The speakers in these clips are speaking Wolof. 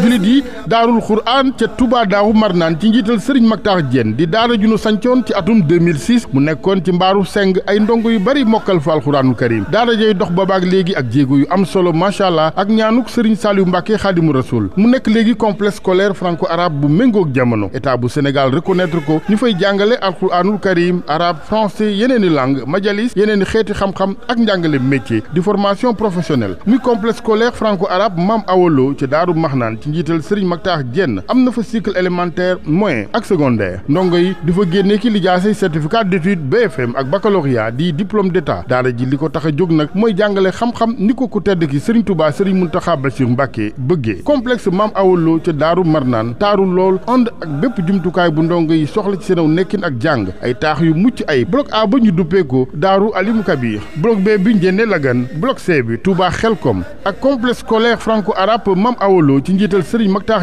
jullit yi daarul xuraan ca Touba Daaru Marnaan ci njiital Serigne Mactar Diène di daara ju nu sancoon ci atum 2006 mu nekkoon ci mbaaru seng ay ndongo yu bari mokkal fa alxuraanul karim daara jay dox boobaak léegi ak jéego yu am solo macha allah ak ñaanuk Serigne Saliou Mbacke xaadimu rasul mu nekk léegi complexe scolaire franco arabe bu méngoog jamono état bu Sénégal reconnaître ko ñu fay jàngale alxuraanul karim arabe français yeneeni langue majalis yeneeni xeeti xam-xam ak njàngale métier di formation professionnelle muy complexe scolaire franco arabe Mam Awolo ca Daaru Marnaan ci njiital Serigne taax jenn am na fa cycle élémentaire moyen ak secondaire ndongo yi di fa génne ki lijaasay certificat d'étude BFM ak baccalauréat di diplôme d'état daara ji li ko tax a jóg nag mooy jàngale xam-xam ni ko ku tedd ki Serigne Touba Serigne Mountakha Bassirou Mbacké bëggee complexe maam awaloo ca daaru marnaan taaru lool ànd ak bépp jumtukaay bu ndongo yi soxla ci seenaw nekkin ak jàng ay taax yu mucc ay bloc A ba ñu duppee ko daaru Alimu Kabir bloc B bi njéene Lagan bloc C bi Touba Xelkom ak complexe scolaire franco arabe maam awaloo ci njiital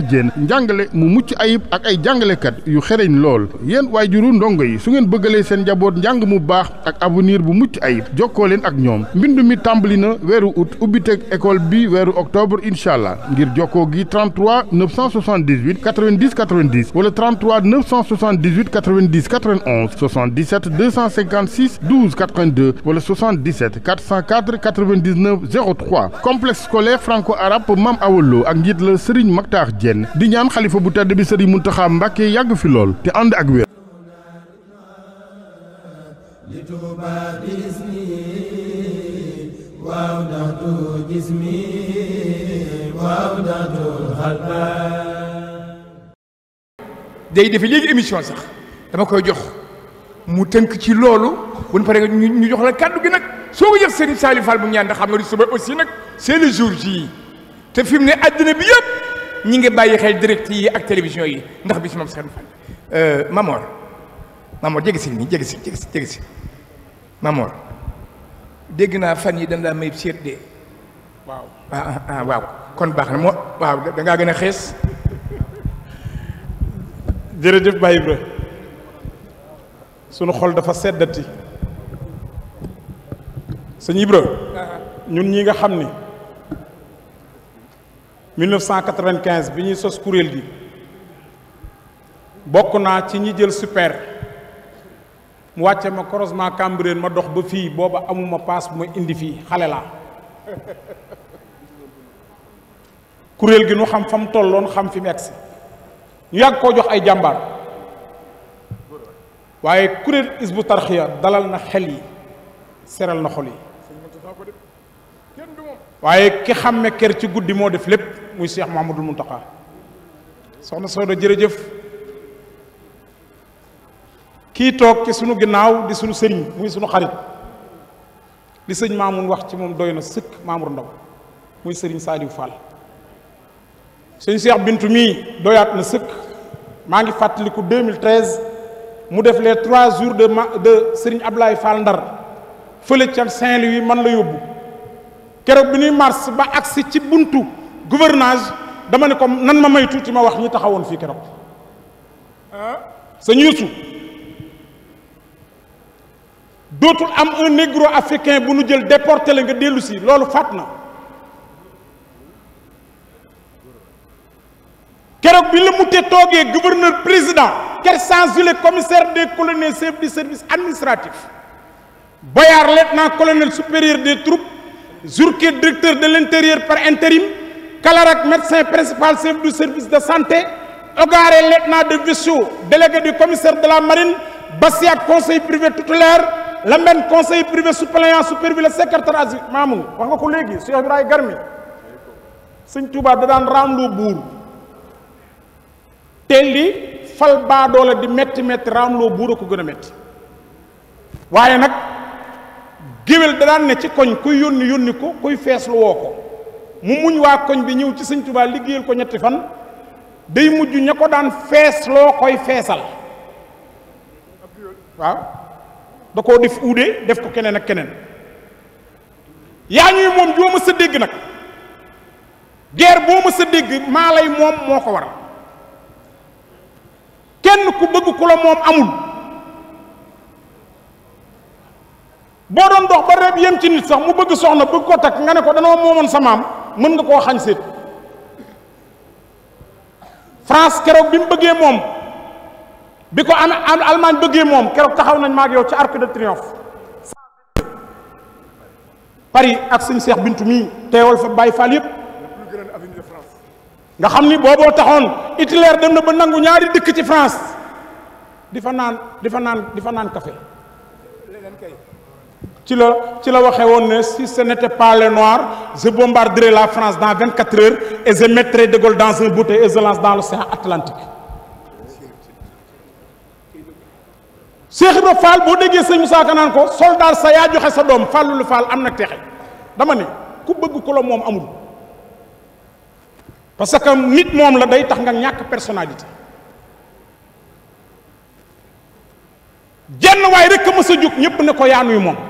Diène njàngale mu mucc ayib ak ay jàngalekat yu xereñ lool yéen waajuru ndongo yi su ngeen bëggalee seen njaboot njàng mu baax ak avenir bu mucc ayib jokkoo ak ñoom mbind mi tàmbali na weeru août ubbiteeg école bi weeru octobre incha allah ngir jokkoo gi 33 978 90 90 wala 33 978 90 91 77 256 12 82 wala 77 404 franco arabe Mam Awolo ak njiit la Serigne Maktar Diène benn di ñaan xalifa bu tedd bi sëriñ Muntaxa Mbàkke yàgg fi lool te ànd ak day defe léegi émission sax dama koy jox mu tënk ci loolu bu ñu paree ñu jox la kàddu gi nag soo ko jox sëriñ Saliou bu ñaan da xam nga di suba aussi nag c'est le jour te fi ne àddina bi yëpp ñi ngi bàyyi xel direct yi ak télévision yi ndax bi si moom seen fan euh, Mamor si nii jege si jege si jege si Mamor dégg naa fan yi dañ laa may seet de waaw ah, ah, ah, kon baax na moo waaw dangaa gën a xees. jërëjëf Baye Ibra sunu xol dafa seddati sëñ Ibra ñun ñi nga xam ni. 1995 bi ñuy sos kuréel gi bokk naa ci ñi jël super mu wàcce ma croisement Cambérène ma dox ba fii booba amuma paas bu ma indi fii xale laa kuréel gi nu xam fa mu tolloon xam fi mu egsi ñu yàgg koo jox ay jàmbaar waaye kuréel Hizbut Tarqiyyah dalal na xel yi seral na xol yi waaye ki xàmme ker ci guddi moo def lépp muy Cheikh Mouhamadul Mountakha soxna Soda jërëjëf kii toog ci suñu ginnaaw di sunu sëriñ muy suñu xarit di sëñ Mamoun wax ci moom doy na sëkk Mamour Ndaw muy sëriñ Saliou Fall sëñ Cheikh Bintu mii doyaat na sëkk maa ngi fàttaliku 2013 mu def les trois jours de ma de sëriñ Ablaye Fall Ndar fële ca Saint-Louis man la yóbbu. keroog bi ñuy mars ba agsi ci buntu gouvernance dama ne ko nan ma may tuuti ma wax ñi taxawoon fii keroog sëñ Youssou dootul am un négro africain bu nu jël déporté la nga dellu loolu faat na keroog bi la mu te toogee gouverneur président Kersan Zule commissaire des colonels chef du service administratif Boyard lieutenant colonel supérieur des troupes Jourquet directeur de l'intérieur par intérim Kalarak médecin principal chef du service de santé Ogaré lieutenant de vaisseau délégué du commissaire de la marine Bassiak conseil privé tutélaire Lamben conseil privé suppléant superviseur secrétaire adjoint Mamoun wax nga ko léegi Cheikh Ibrahima Garmi sëñ Touba da daan rendu buur te li fal baadoola di métti métti raamloo buur ko gën a métti waaye nag géwél daan ne ci koñ kuy yónni yónni ko kuy feeslu woo ko mu muñ waa koñ bi ñëw ci sëñ Tuubaa liggéeyal ko ñetti fan day mujj ña ko daan fees loo koy feesal waaw da koo def uude def ko keneen ak keneen yaa ñuy moom joo ma sa dégg nag guerre boo ma sa dégg maa lay moom moo ko waral kenn ku bëgg ku la moom amul boo doon dox ba reeb yem ci nit sax mu bëgg soxna bëgg ko takk nga ne ko danoo moomoon sa maam mën nga koo xañ séet France keroog bi mu bëggee moom bi ko am Allemagne bëggee moom keroog taxaw nañ maag yow ci arc de triomphe Paris ak sëñ Seex Bintu mii teewal fa Baay Faal yépp nga xam ni booboo taxoon Hitler dem na ba nangu ñaari dëkk ci France di fa naan di fa naan di fa naan ci la ci la waxee woon ne si ce n'était pas les noirs je bombarderai la France dans vingt quatre heures et je mettrai de Gaulle dans un bateau et je lance dans l'océan Atlantique Cheikh Ibra boo déggee sëñ Moussa naan ko soldat sa yaa joxe sa doom fàllulu Fall am na texe dama ne ku bëgg ku la moom amul parce que nit moom la day tax nga ñàkk personnalité jenn waay rek a mës a jóg ñépp ne ko yaanuy moom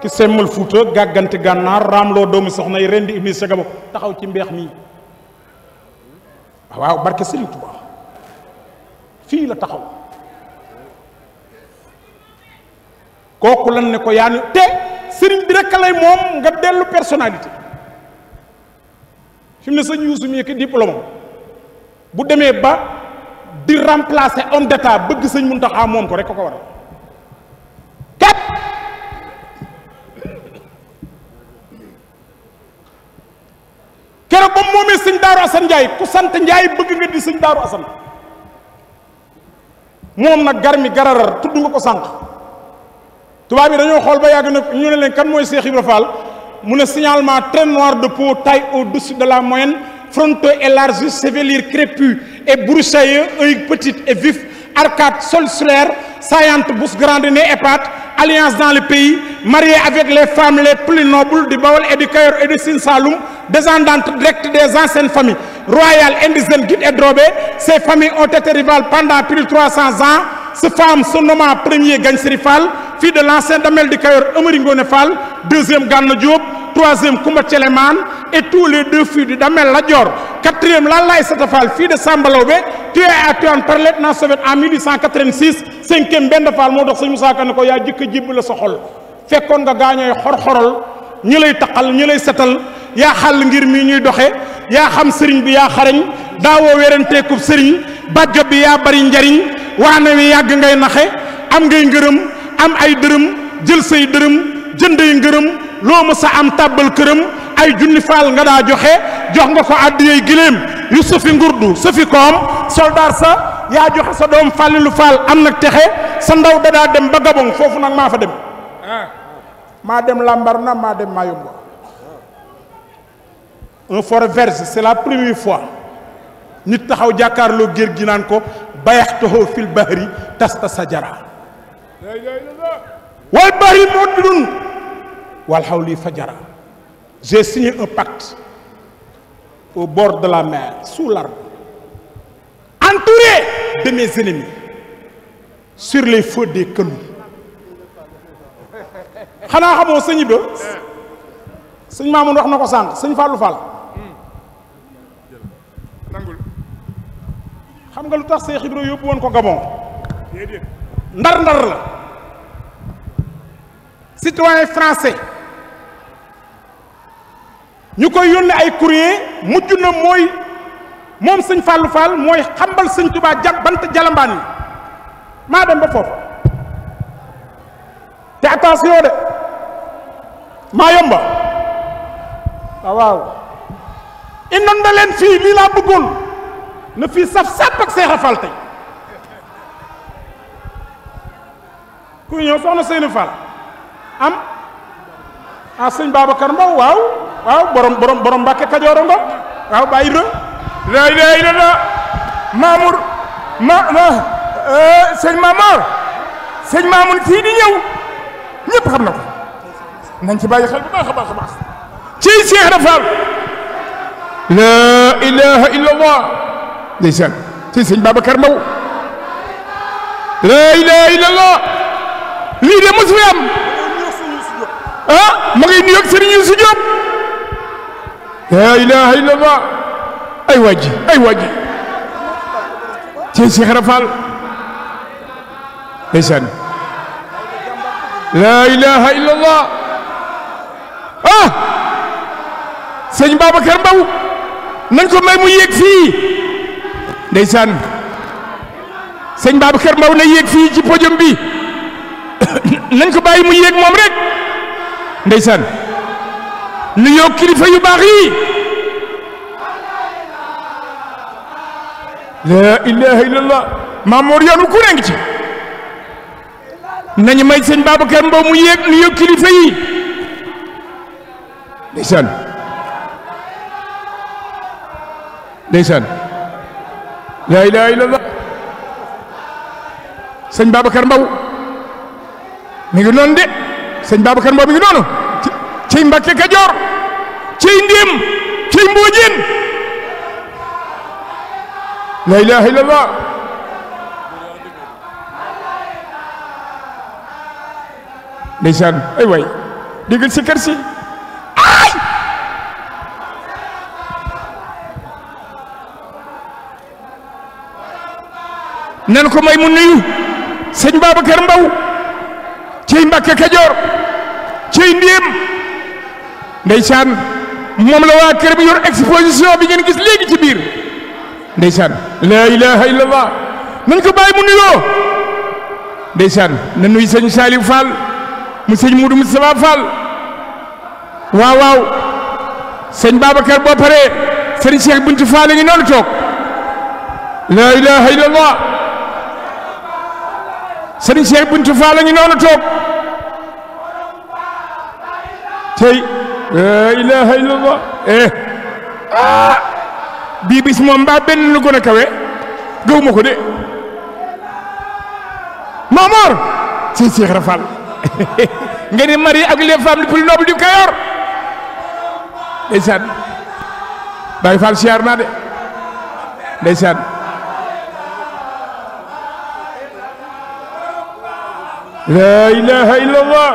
ki semmal fuuta gàggante gànnaar raamloo doomi soxna yi rendi iblis sa taxaw ci mbeex mi waaw barke Sëriñ Tuubaa fii la taxaw kooku lan ne ko yaa ni te sëriñ bi rek lay moom nga dellu personnalité fi mu ne sëñ Yuusu mi ki diplôme bu demee ba di remplacer homme d'état bëgg sëñ Muntaxa moom ko rek ko ko waral keroog ba moomee sëñ Daaru Asan Njaay ku sant Njaay bëgg nga di sëñ Daaru Asan moom nag gar mi gararar tudd nga ko sànq tubaab bi dañoo xool ba yàgg na ñu ne leen kan mooy Cheikh Ibra Fall mu ne signalement très noir de peau taille au-dessus de la moyenne fronton élargi chevelure crépue et broussailleux œil petit et vif arcade sol solaire saillante bouche grande nez épate alliance dans le pays mariée avec les femmes les plus nobles du Bawol e du Kayor et de Sine Saloum descendante directe des anciennes familles royales indigènes Guit et Drobé ces familles ont été rivales pendant plus de 300 ans ce femme se nommant premier Gagne Siri Fall fille de l'ancien Damel du Kayor Amari Ngone Fall deuxième Gana Diop troisième Koumba Thieleman et tous les deux fils du Damel Ladior. Quatrième, Lalaï Satafal, fille de Sambalobé, tué à Tuan par lieutenant Soviet en 1886. Cinquième, Ben Dafal, Moudok Seigneur Sakanako, ya jikk jibb la soxol. fekkoon nga gaañooy xor-xorol ñi lay taqal ñi lay setal yaa xàll ngir mi ñuy doxe yaa xam sëriñ bi yaa xarañ daawoo weranteekub sëriñ bàjjo bi yaa bari njariñ waane wi yàgg ngay naxe am ngay ngërëm am ay dërëm jël say dërëm jënd ay ngërëm loo mës a am tàbbal këram ay junni faal nga daa joxe jox nga ko àddiyey giléem yu sëfi ngurdu sëfi koom soldaar sa yaa joxe sa doom fàllilu faal am nag texe sa ndaw dadaa dem ba gabon foofu nag maa fa dem maa dem làmbar na maa dem Mayumba un fort verse c'est la première fois nit taxaw jàkkaarloo géej gi naan ko bayaxtahu fil bahri tasta sajara wal bahri muddun wal hawli fajara J'ai signé un pacte au bord de la mer, sous l'arbre, entouré de mes sur les feux des canons. xanaa xamoo sëñ Ibra sëñ Maamoun wax na ko sànq sëñ Fallou Fall xam nga lu tax Seex Ibra yóbbu woon ko Gabon ndar-ndar la citoyen français ñu koy yónnee ay courrier mujj na mooy moom sëñ Fallou Fall mooy xambal sëñ Touba ja bant jalambaan yi maa dem ba foofu te attention de maa yomba ah, waaw waaw leen fii lii laa bëggoon na fii saf sàpp ak Seex tey ku ñëw soxna Seyni Fall am ah sëñ Babacar Mbow waaw waaw borom borom borom Mbàkke Kajoor nga waaw bàyyi rë lay lay la la ma ma eh, sëñ Mamor di ñëw ñëpp xam na ko nañ ci bàyyi xel baax a baax a baax ci Cheikh Rafal la ilaha lii de mosu fi am ah ma ngi nuyoog sëriñ laa ilaaha illallah ay waaji ay waaji ci Cheikh Rafal ndeysaan laa ilaaha illallah ah sëñ Babacar Mbaw nañ ko may mu yéeg fii ndeysaan sëñ Babacar Mbaw na yéeg fii ci podium bi ko bàyyi mu yéeg moom rek ndeysaan nuyoo kilifa yu baax yi la ilaha illallah maamoor yoonu ku ne nañu may sëñ Babacar Mbow mu yéeg nuyoo kilifa yi ndeysaan ndeysaan la ilaha illallah sëñ Babacar Mbow mi ngi noonu de sëñ Babacar Mbow mi ngi noonu ciy Mbàkke Kajoor ciy Ndim ciy Mbuujin la ilaha illallah ndeysaan ay waay digal si kër si ay nan ko may mu nuyu sëñ Babacar Mbow ciy Mbàkke Kajoor ciy Ndim ndeysaan moom la waa kër bi yor exposition bi ngeen gis léegi ci biir ndeysaan laa ilaha illallah nañ ko bàyyi mu nuyoo ndeysaan na nuyu sëñ Saliou Fall mu sëñ Moudou Moustapha Fall waaw waaw sëñ Babacar boo paree sëñ Cheikh Bintou Fall a ngi noonu toog laa ilaha illallah sëñ Cheikh Bintou Fall noonu toog la ilaha illallah eh, eh. Ah. bii bis moom mbaa benn lu gën kawe gëw ma ko de Mamor si Cheikh Rafal nga ne Marie ak les femmes les plus nobles du Kayor ndeysaan Baye Fall siyaar naa de ndeysaan la ilaha illallah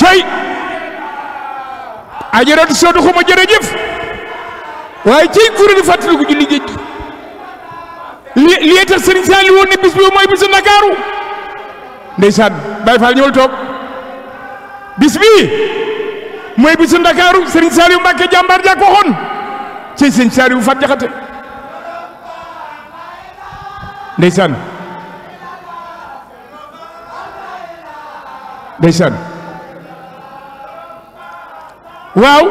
cey ajaratu soodu xuma jërëjëf waaye ciy kuréelu fàttaliku julli géej gi li li tax sëriñ Saali woon ne mooy bisu Ndakaaru ndeysaan Baay Faal ñëwal toog bis mooy bisu Ndakaaru sëriñ Saaliw Mbàkke jàmbaar jàkk waxoon ci sëriñ Saaliw Faat Jaxate ndeysaan ndeysaan waaw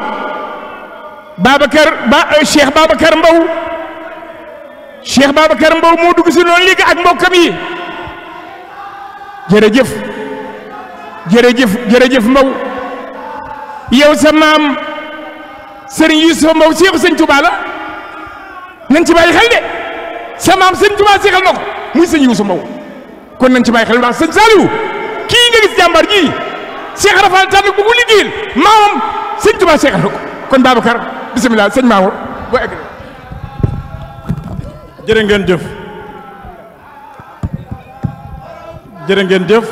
Babacar ba euh, Cheikh Babacar Mbow Cheikh Babacar Mbow moo dugg si noonu léegi ak mbokkam yi jërëjëf jërëjëf jërëjëf Mbow yow sa maam Serigne Youssoufa Mbow Cheikh Sëñ Touba la nañ ci bàyyi xel de sa maam Sëñ Touba seexal na muy Sëñ Youssoufa Mbow kon nañ ci bàyyi xel bu kii nga gis jàmbar ji Cheikh Rafal tànn bu mu Tuubaa seexal ko kon Babacar bisimilah sëñ Mamour boo egg jërë ngeen jëf jërë ngeen jëf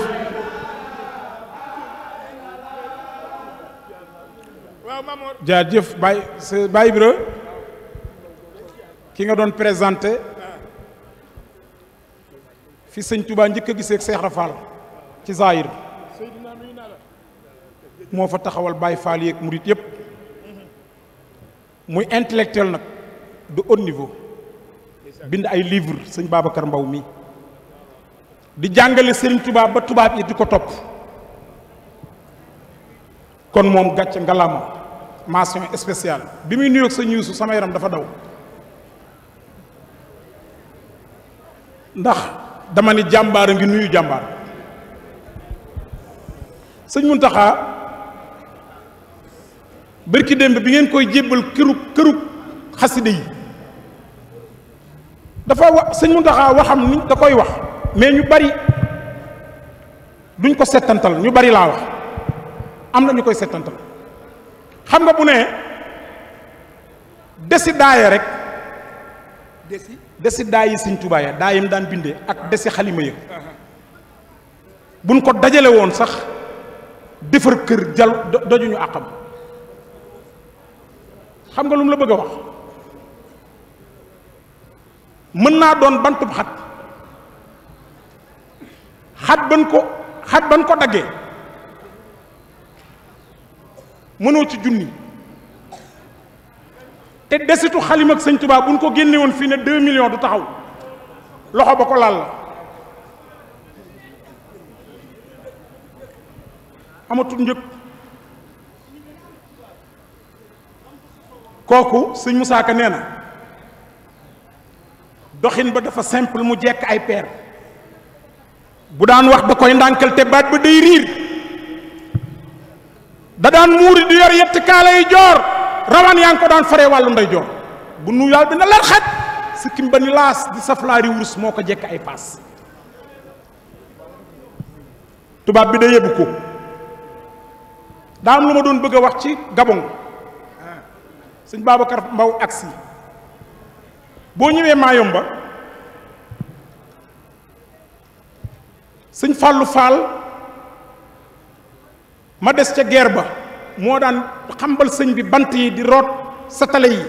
jaajëf Baye Baye Ibra ki nga doon présenté fi sëñ Touba njëkk a gisee ak Seex ci Zahir. moo fa taxawal Baay Faal mu murit yëpp muy intellectuel nag de haut niveau bind ay livre sëñ Babacar Mbaw mi di jàngale sëriñ tubaab ba tubaab yi di ko topp kon moom gàcc ngalaama mention spéciale bi muy nuyoog sëñ Yuusu sama yaram dafa daw ndax dama ne jàmbaar a ngi nuyu jàmbaar sëñ Muntaxa bërki démb bi ngeen koy jébbal këru këru xaside yi dafa wax sëñ Muntaxa waxam ni wax mais ñu bari duñ ko settantal ñu bari laa wax am na ñu koy setantal xam nga bu ne desi daaya rek desi desi daay yi sëñ Tuubaa ya daayam daan bindee ak desi xalima ya buñ ko dajale woon sax defar kër jal dojuñu àqam xam nga lu mu la bëgg a wax mën naa doon bantub xat xat ban ko xat ban ko daggee mënoo ci junni te desitu xalim ak sëñ Tuubaa buñ ko génne fii ne deux millions du taxaw loxo ba ko laal la amatul njëg kooku sëñ Musaa Ka nee na doxin ba dafa simple mu jekk ay peer bu daan wax da koy ndànkal te baat ba day riir da daan muuri di yor yetti kaala yi joor rawaan yaa ngi ko daan faree wàllu ndey joor bu nu yàlla bi na lar xaj sikkim ba ni laas di saflaari wurus moo ko jekk ay paas tubaab bi da yëbbu ko daa am lu ma doon bëgg a wax ci Gabon sëñ Babacar Mbaw agsi boo ñëwee Mayumba sëñ fàllu Fall ma des ca guerre ba moo daan xambal sëñ bi bant yi di root satale yi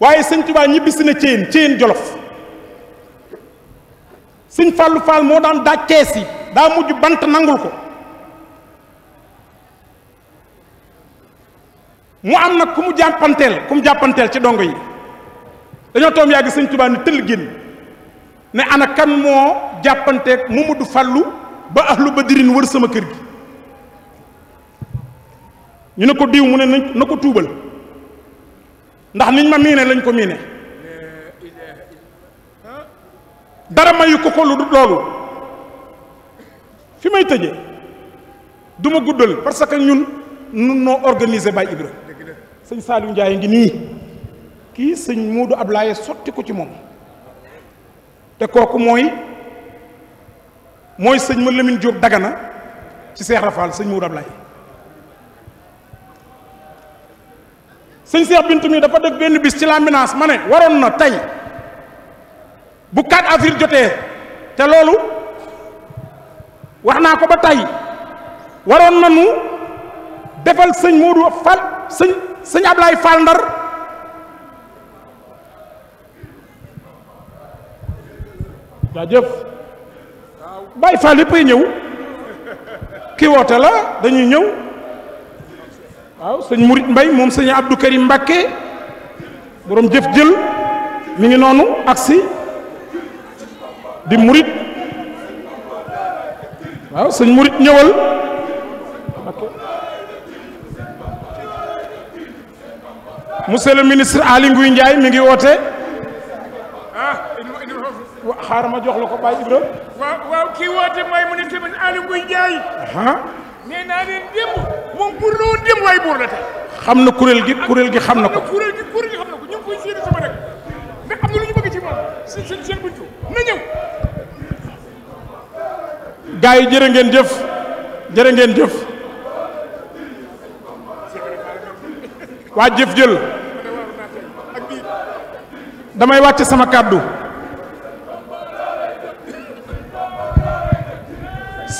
waaye sëñ Tuubaa ñibbisi na Céyeen Céyeen Jolof sëñ Fallou Fall moo daan daaj kees yi daa mujj bant nangul ko mu am na ku mu jàppanteel ku mu jàppanteel ci dongo yi dañoo toom yàgg sëñ Tuubaa ni tëll génn ne ana kan moo jàppanteeg Mamadu Fàllu ba ahlu Badrin wër sama kër gi ñu ne ko diw mu ne na ko tuubal ndax niñ ma miine lañ ko miine dara mayu ko ko lu loolu fi may tëje duma guddal parce que ñun nun noo organiser Baye Ibra sëñ Saliou Ndiaye ngi nii kii sëñ Moodu Ablaye sotti ko ci moom te kooku mooy mooy sëñ ma Lamine Diop dagana ci Seex Rafaal sëñ Moodu Ablaye sëñ Seex Bintu mi dafa def benn bis ci laminance ma ne waroon na tey bu 4 avril jotee te loolu wax naa ko ba tey waroon na nu defal sëñ Moodu Fall sëñ sëñ Ablaye Fall Ndar jaajëf Baye Fall yëppay ñëw ki la dañuy ñëw waaw sëñ Murit Mbay moom sëñ Abdou Karim borom jëf jël mu ngi noonu aksi di murit waaw sëñ murit ñëwal monsieur le ministre Aly Ngouille Ndiaye mi ngi woote ah, xaaral ma jox la ko Baye Ibra waaw waaw woote mooy ministre bi Aly Ngouille Ndiaye nee naa leen démb moom buur la woon démb waaye buur la tey xam na kuréel gi kuréel gi xam na ko kuréel gi kuréel gi xam na ko ñu ngi koy séeri na lu ñu na ñëw gars yi ngeen jëf jërë ngeen jëf waa jëf jël damay wàcc sama kàddu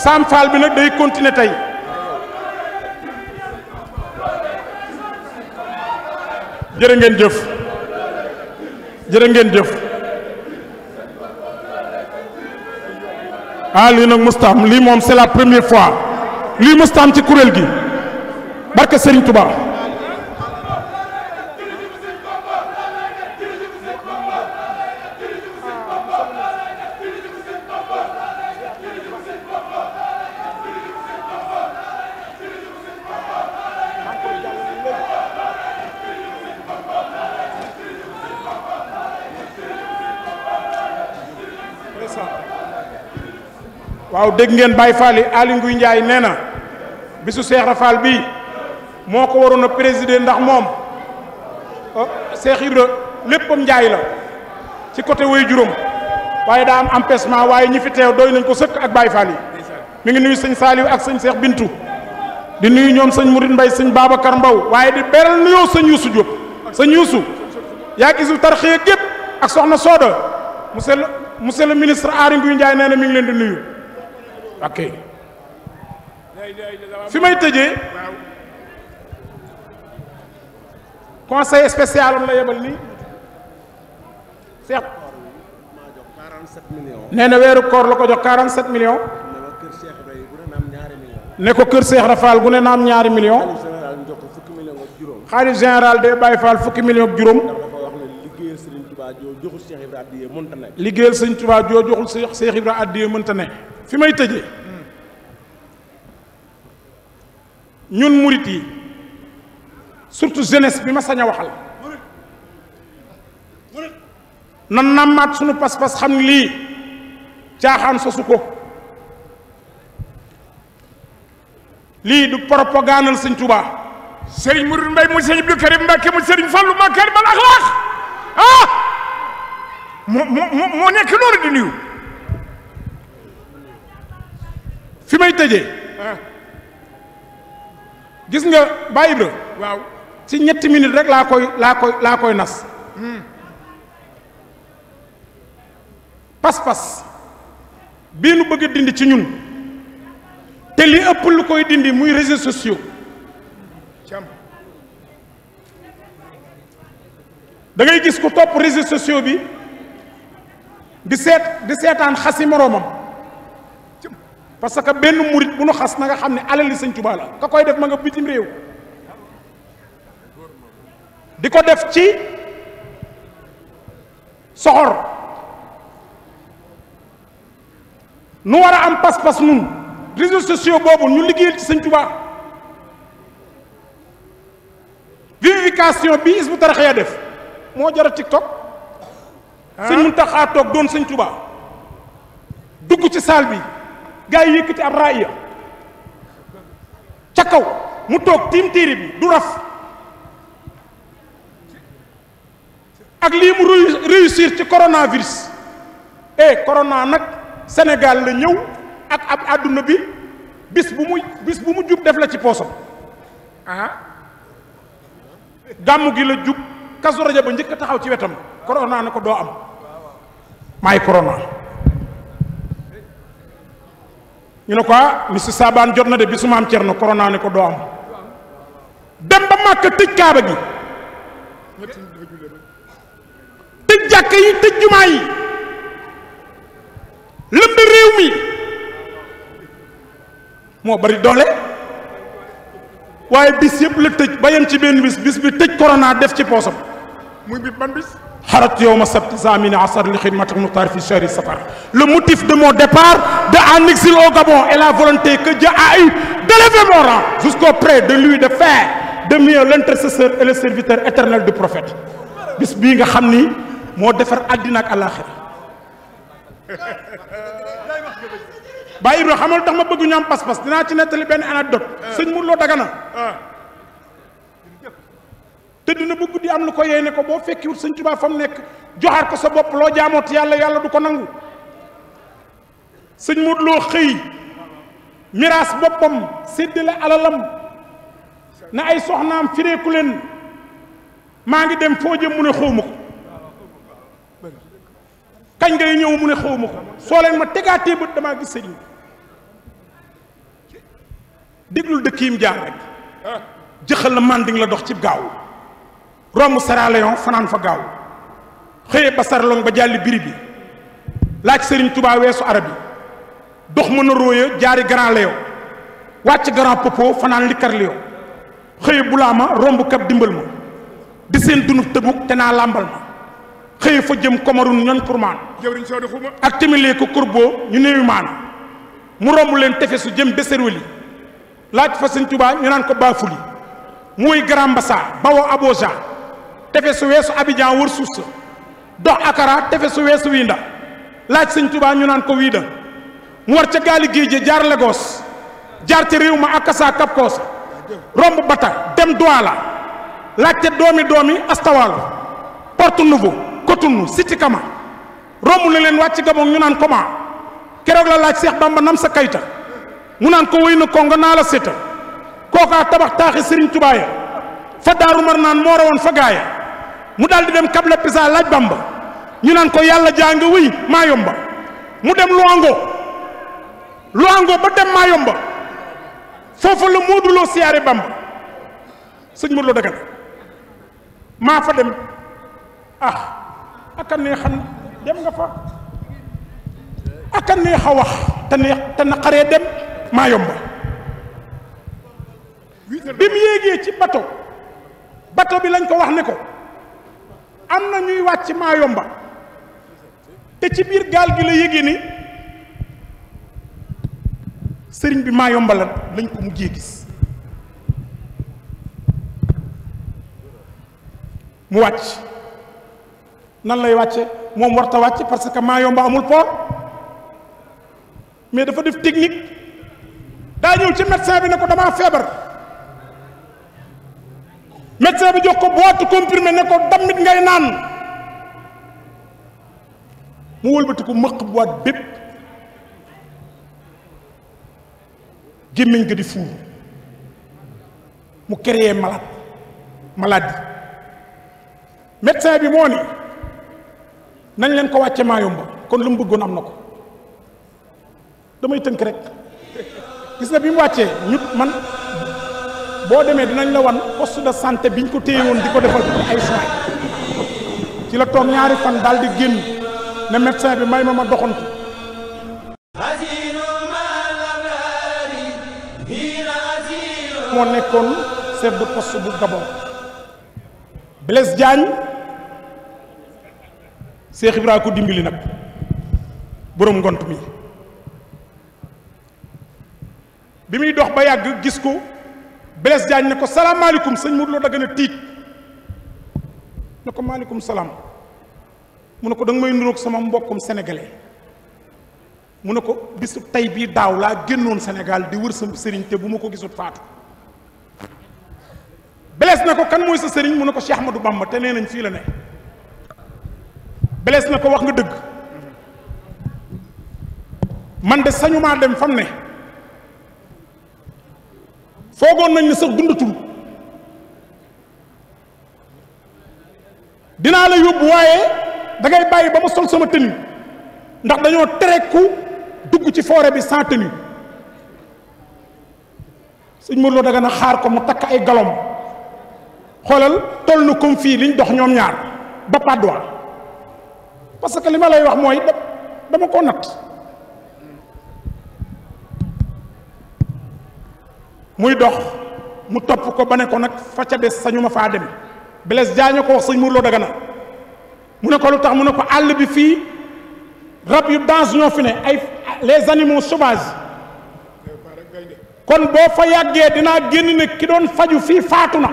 saam faal bi nag day continuer tey jërë jëf jërë ngeen jëf ah lii nag mustaam lii moom c'est la première fois lii mustaam ci kuréel gi barke Serigne Touba. waaw dégg ngeen Baye Fall yi Aly Ngouille Ndiaye nee na bisu Cheikh Rafal bii moo ko waroon a présider ndax moom oh, Cheikh Ibra léppam njaay la ci côté way juróom waaye daa am empêchement waaye ñi fi teew doy nañ ko sëkk ak Baye Fall yi mi ngi nuyu sëñ Saliou ak sëñ seex Bintu di nuyu ñoom sëñ Mouride mbay sëñ baabakar mbaw waaye di beral nuyoo sëñ Youssou Diop sëñ Youssou yaa gisul tarxiya gépp ak soxna Soda monsieur le monsieur le ministre Aly Ngouille Ndiaye nee na mi ngi leen di nuyu ok fi may tëjee conseil spécial am la yebal nii Cheikh nee na weeru koor la ko jox 47 millions ne ko kër seex Rafal gu ne na am ñaari millions xaalis général de Baye Fall fukki millions ak juróom liggéeyal sëñ Tuubaa joo joxul seex Ibra addiye mënta ne liggéeyal sëñ Tuubaa joo joxul Cheikh Ibra mënta ne fi may tëjee ñun murit yi surtout jeunesse bi ma sañ a waxal na nammaat sunu pas-pas xam ni lii caaxaan sosu ko lii du propagandal sëñ Tuubaa sëriñ Mouride Mbaye mu sëriñ Abdou Karim Mbacke mu sëriñ Fallou Mbacke bal axlaax ah moo moo moo nekk noonu di nuyu fi may tëjee ah. gis nga Baye Ibra waaw ci ñetti minute rek laa koy laa koy laa koy nas hmm. pas-pas bii nu bëgg a dindi ci ñun te li ëpp lu koy dindi muy réseaux sociaux da ngay gis ku topp réseaux sociaux bi di seet di seetaan xasi moroomam parce que benn murit bu nu xas na nga xam ne alali sëñ Tuubaa la ka koy def ma nga bitim réew di ko def ci soxor nu war a am pas-pas nun réseaux sociaux boobu ñu liggéeyal ci sëñ Tuubaa vivification bi Hizbut Tarqiyyah def moo jara TikTok ah. sëñ Muntaxa toog doon sëñ Tuubaa dugg ci salle bi gaa yi yëkkati ab raaya ca kaw mu toog tiim téere bi du raf ak lii mu réussir ci coronavirus eh corona nag Sénégal la ñëw ak ab àdduna bi bis bu mu bis bu mu jub def la ci poosam ah gàmmu gi la jub kasu rajo ba njëkk a taxaw ci wetam corona ne ko doo am maay corona ñu ne ko monsieur Saabaan jot na de bi su ma am Cerno corona ne ko doo am dem ba Màkka tëj kaaba gi tëj jàkka yi tëj jumaa yi lëmb réew mi moo bari doole waaye bis yëpp la tëj ba yem ci benn bis bi tëj corona def ci poosam xarat yowma sabti zamine asar li xidmati muxtar fi chahri safar le motif de mon départ de en au Gabon est la volonté que Dieu a eu d'élever mon rang jusqu'auprès de lui de faire de mieux l'intercesseur et le serviteur éternel du prophète bis nga xam ni moo defar àddina ak àllaaxira bàyyi Ibra xamal tax ma bëgg ñu am pas-pas dinaa ci nettali benn anecdote sëñ Mourlo Dagana ah. tëdd na bu guddi am lu ko yee ne ko boo fekkiwut sëñ Tuubaa fa mu nekk joxaat ko sa bopp loo jaamoot yàlla yàlla du ko nangu sëñ Modou Lo xëy miraas boppam séddale alalam na ay soxnaam fireeku leen maa ngi dem foo jëm mu ne xawma ko kañ ngay ñëw mu ne xawma ko soo leen ma tegaatee bët damaa gis sëriñ déglul dëkk yim jaar rek jëxal la manding la dox ci gaaw romb Sierra Leone fanaan fa gaaw xëyee ba saralong ba jàlli biri bi laaj Serigne Touba weesu arab yi dox mën a róoya jaari Grand Léo wàcc Grand Popo fanaan likkar Léo xëye bulaama romb kab dimbal ma di seen dunub tëbuk te naa làmbal ma xëye fa jëm komarun ñoon kurmaan ak tamilee ko kurboo ñu néewi mu romb leen tefesu jëm deserweli laaj fa Serigne Touba ñu naan ko baafuli mooy Grand Mbassa bawo Aboja tefe su weesu Abidjan wër suuf sa dox akara tefe su weesu nda laaj sëñ Tuubaa ñu naan ko wiida mu war ca gaali géej gi jaar Lagos jaar ca réew ma akasa kapkoos romb bata dem Douala laajte doomi doomi astawaalo Porto Novo Cotonou Siti Kama romb na leen wàcc Gabon ñu naan comment keroog la laaj Seex Bamba nam sa kayta mu naan ko wéy na kongo naa la séta kookaa tabax taaxi sëriñ Tuubaa ya fa daaru mar naan moo rawoon fa gaaya mu daal di dem Kable Pisa laaj Bamba ñu naan ko yàlla jàng wuy Mayomba mu dem Luango Luango ba dem Mayomba foofa la Modou siyaare Bamba sëñ Modou Lo dagal maa fa dem ah aka neex a wax te neex te naqaree dem Mayomba bi mu yéegee ci bato bato bi lañ ko wax ne ko am na ñuy wàcc Maayomba te ci biir gaal gi la yëgee ni sëriñ bi Maayomba la lañ ko mujjee gis mu wàcc nan lay wàcce moom warta wàcc parce que Maayomba amul port mais dafa def technique daa ñëw ci médecin bi ne ko damaa feebar médecin bi jox ko boîte comprimé ne ko damit ngay naan mu wëlbati ko mëq boîte bépp gémmiñ ga di fuur mu créé malade maladie médecin bi moo ni nañ leen ko wàcce maayomba kon lu mu bëggoon am na ko damay tënk rek gis na bi mu wàccee ñu man boo demee dinañ la wan poste de bi biñ ko téye woon di ko defal ay soins ci la toog ñaari fan daal di génn ne médecin bi may ma ma doxantu. moo nekkoon chef de poste bu Gabon Blaise Diagne Cheikh Ibra ko dimbali nag boroom ngont mi bi muy dox ba yàgg gis ko. Blaise Diagne ne ko salaamaaleykum sëñ Modou Lo da gën a tiit ne ko maaleykum salaam mu ne ko da nga may nuroog sama mbokkum sénégalais mu ne ko bisu tey bii daaw laa génnoon Sénégal di wër sa sëriñ te bu ma ko gisul faatu Blaise na ko kan mooy sa sëriñ mu ne ko Cheikh Ahmadou Bamba te nee nañ fii la ne Blaise na ko wax nga dëgg man de sañu maa dem fam ne foogoon nañ ni sax dundatul dinaa la yóbbu waaye da bàyyi ba ma sol sama tenue ndax dañoo tere ku dugg ci foore bi sans tenue suñ mënuloo daga na xaar ko mu takk ay galom xoolal toll na comme fii liñ dox ñoom ñaar ba Patte d'Oie que li ma lay wax mooy dama koo nat muy dox mu topp ko ba ne ko nag fa ca des sañu ma faa dem Blaise Diagne ko wax sëñ Mourlo na mu ne ko lu tax mu ne ko àll bi fii rab yu danse ñoo fi ne ay les animaux sauvages kon boo fa yàggee dinaa génn ne ki doon faju fii faatu na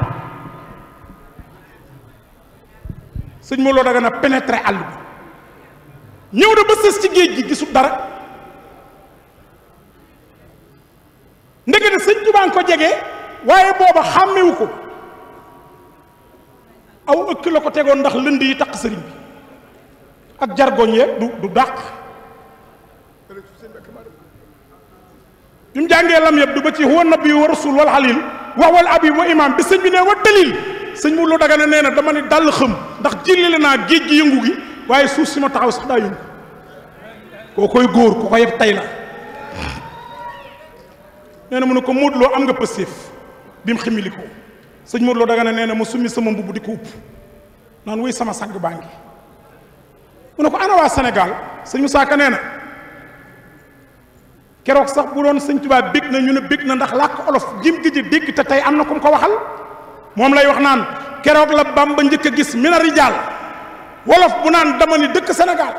sëñ Mourlo Dagana pénétré àll bi ñëw da ba sës ci géej gi gisul dara ndege na sëñ Tuubaa ko jege waaye booba xàmmewu ko aw ëkk la ko tegoon ndax lënd yi taq sëriñ bi ak jargoñ yeeg du du dàq bi jàngee lam yëpp du ba ci huwa nabi wa rasul wal xalil wax wal abib wa imam bi sëñ bi ne wa dalil sëñ mu lu daga ne nee na dama ne dàll xëm ndax jillile naa géej gi yëngu gi waaye suuf si ma taxaw sax daa koo koy góor ku ko yëpp tey la nee mu ne ko Modou am nga pëstéef bi mu ximili ko sëñ Modou Lo ne nee na ma summi sama mbubb di ko upp naan wuy sama sang baa ngi mu ne ko ana waa Sénégal sëñ Moussa keroog sax bu doon sëñ Tuubaa bég na ñu ne bég na ndax làkk olof jim gi dégg te tey am na ku mu ko waxal moom lay wax naan keroog la ba njëkk a gis mina rijaal wolof bu naan dama ni dëkk Sénégal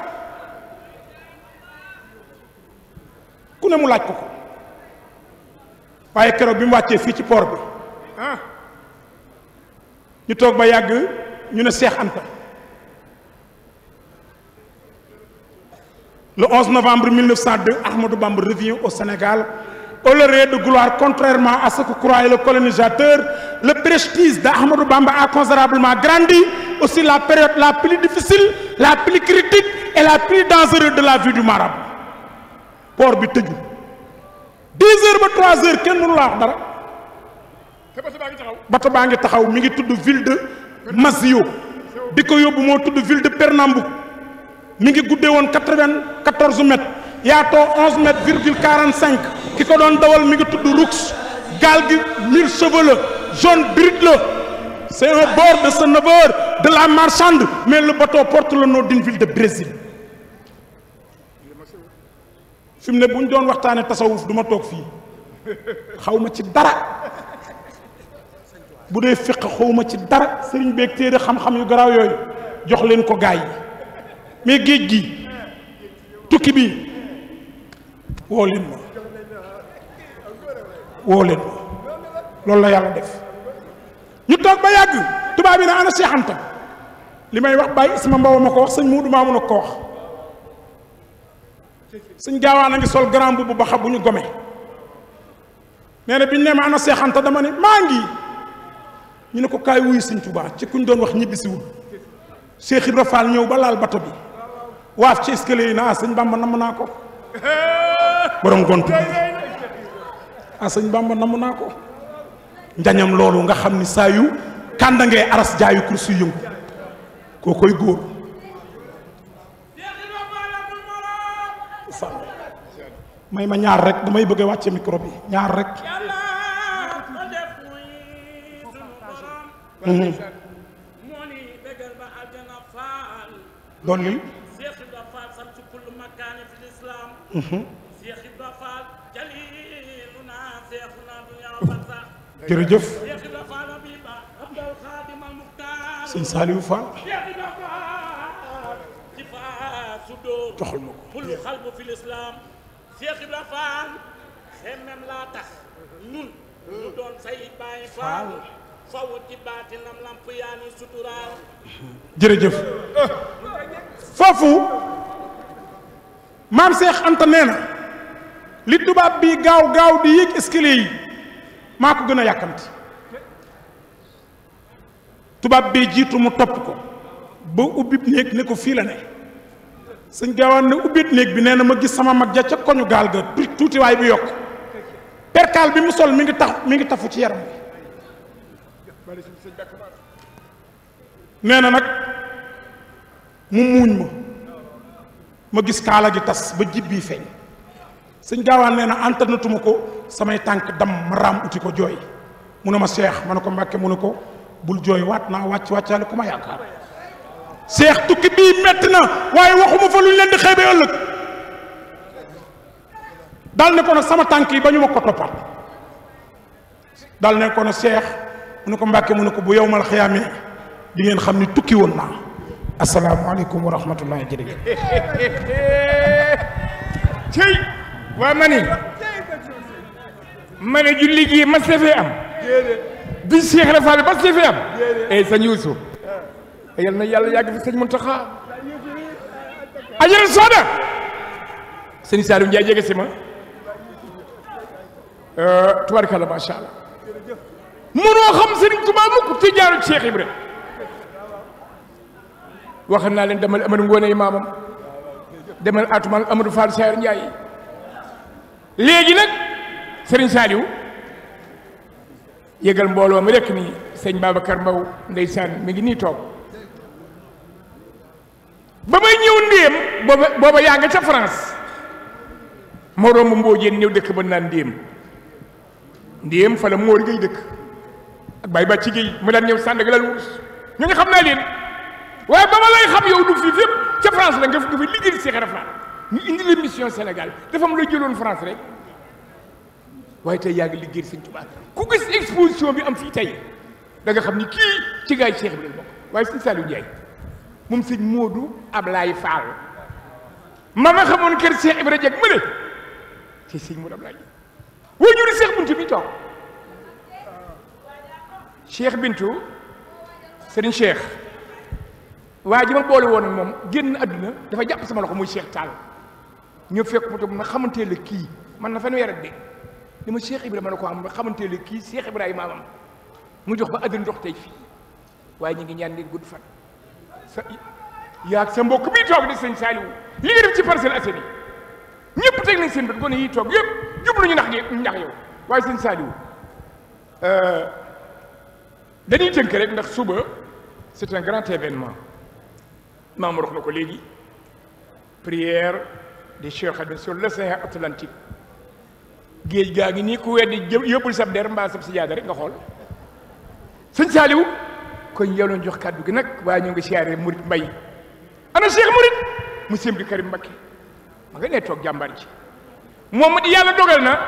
ku ne mu laaj ko ko waaye keroog bi mu wàccee fii ci port bi ah ñu toog ba yàgg ñu ne Seex Anta le 11 novembre 1902 Ahmadou Bamba revient au Sénégal honoré de gloire contrairement à ce que croyait le colonisateur le prestige d'Ahmadou Bamba a considérablement grandi aussi la période la plus difficile la plus critique et la plus dangereuse de la vie du marabout port bi tëju deux heures ba trois heures kenn mënu laa wax dara bato baa ngi taxaw mi ngi tudd ville de Masio bi ko yóbbu moo tudd ville de Pernambouc mi ngi guddee woon quatre vingt quatorze mètres yaatoo onze mètres virgule cinq ki ko doon dawal mi ngi tudd Roux gaal gi mille chevaux la jaune brut la c'est un bord de ce neveur de la marchande mais le bateau porte le nom d'une ville de Brésil fi mu ne bu ñu doon waxtaanee tasawuf duma toog fii xawma ci dara bu dee fiq xaw ma ci dara sëriñ beeg téere xam-xam yu garaaw yooyu jox leen ko gaay yi mais géej gi tukki bi woo leen ma woo leen ma loolu la yàlla def ñu toog ba yàgg tubaab yi na ana Cheikh Anta li may wax bàyyi sama Mbaw ma ko wax sëñ Muudu Maamu na ko wax suñ gaawaan a ngi sol grand mbubb ba xam bu ñu gome nee na bi ñu ne ma seexanta dama ne maa ngi ñu ne ko kaay wuyu sëñ Tuubaa ci kuñ doon wax ñibbisiwul Cheikh Ibra Fall ñëw ba laal bato bi waaf ci escalier yi na ah sëñ namm naa ko borom gontu ah sëñ Bamba namm naa ko njañam loolu nga xam ni saa yu kàndangee aras jaayu kursu yëngu koo koy góor may ma ñaar rek damay bëgg a wàcce micro ñaar rek mhm. doon lil mhm. jërëjëf sëñ Saliou Fall joxal ma ko Cheikh Ibra Fall xemmem laa foofu maam Cheikh Anta na li tubaab bi gaaw gaaw di yéeg escalier yi maa ko gën a yàkkamti tubaab bi jiitu mu topp ko ba ubbi néeg ne ko fii la ne sëñ gaawaan ne ubbeet néeg bi nee na ma gis sama mag ja ca koñu gaal ga tuutiwaay bi yokk perkaal bi mu sol mi ngi tax mi ngi tafu ci yaram bi nee na nag mu muuñ ma ma gis kaala gi tas ba jibbi feeñ sëñ gaawaan nee na antanatuma ko samay tànk dam ma raam uti ko jooy mu ne ma seex ma ne ko mbàkke mu ne ko bul jooy waat naa wàcc wàccaale ku ma yaakaar seex tukki bii metti na waaye waxuma fa lu ñu leen di xeebe ëllëg dal ne ko nag sama tànk yi ba ñu ma ko toppaat dal ne ko nag seex mu ne ko mbàkke mu ne ko bu yow mal xiyaamee di ngeen xam ni tukki woon naa asalaamaaleykum wa rahmatullahi jërëjëf cëy waa ma ni ma ne julli gii mas na am bi Seex Ibra Faal mas am ay eh, sañ Yuusuf yal na yàlla yàgg fi sëñ Muntaxa ajara sooda sëñ Saliou Ndiaye jege si ma euh, tubaarkalla macha allah mënoo xam sëriñ Tuubaa mukk te jaaru Cheikh Ibra wax naa leen demal Amadou Ngoone maamam demal atumal Amadou Fall Sayer Ndiaye léegi nag sëriñ Saliou yëgal mbooloo mi rek nii sëñ Babacar Mbow ndeysaan mi ngi nii toog ba may ñëw ndéem booba booba yaa nga ca France ma romb mboojeen ñëw dëkk ba naan ndéem ndéem fa la móor ngay dëkk ak ba ci géey mu daan ñëw sànd ak lal wurus ñu nga xam naa leen waaye ba ma lay xam yow du fii fépp ca France la nga fi liggéey Cheikh Rafal ñu indi la mission Sénégal dafa am la jëloon France rek waaye tey yaa ngi liggéey Sëñ Tuubaa ku gis exposition bi am fii tey da nga xam ni kii ci gaay Cheikh bi la bokk waaye Sëñ Saliou Ndiaye moom sëñ Moodu Ablaye Fall ma ma xamoon kër Cheikh Ibra jeg mu ne ci sëñ Moodu Ablaye woo ñu di Cheikh Bintu bi Bintu sëriñ Cheikh waa ji ma boole woon ak moom génn àdduna dafa jàpp sama loxo muy Cheikh Tall ñu fekk mu toog na xamantee la kii man na fanweer ak de li ma Cheikh Ibra ma ne ko am xamantee la kii Cheikh Ibrahima am mu jox ba àdduna jox tey fii waaye ñu ngi ñaan nit gudd fan sa yaa ak sa mbokk bii toog di sëñ Saliou li nga def ci Parcelles Assainies ñëpp teg nañ seen bët gone yi toog yëpp jubluñu ndax ñu ndax yow waaye sëñ Saliou euh, dañuy tënk rek ndax suba c'est un grand événement maam wax na ko léegi prière des Cheikh sur l'océan Atlantique géej gaa gi nii ku weddi yóbbul sab der mbaa sab si jaada rek nga xool sëñ Saliou kon yow lañ jox kàddu gi nag waaye ñoo ngi siyaaree Murit Mbay ana Cheikh Murit mu sëñ bi Karim Mbakke ma nga nee toog jàmbar ji moom it yàlla dogal na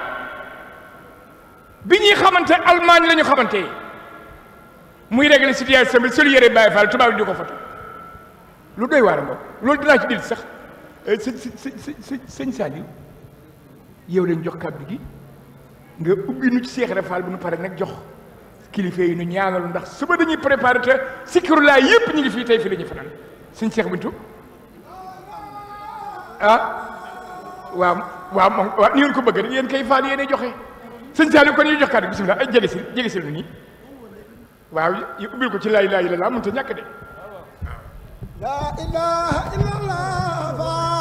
bi ñuy xamante Allemagne la ñu xamante muy régler situation bi solu yëre Baye Fall tubaab di ko foto lu doy waar nga loolu dinaa ci dil sax eh, sëñ sëñ sëñ Saliou yow lañ jox kàddu gi nga ubbi nu ci Cheikh Ibra Fall bu nu pare nag jox kilifa yi nu ñaanal ndax suba dañuy préparé te sikirulaa yëpp ñu ngi fii tey fii la ñu fanaan suñ seex bintu ah waaw waaw moom waaw ni ngeen ko bëgg rek yéen kay faal yéene joxe sëñ Saliou kon ñu jox kàddu bisimilah ay jege si jege si lu nii waaw yu ubbil ko ci laa ilaaha illallaah mënut a ñàkk de laa ilaaha illallaah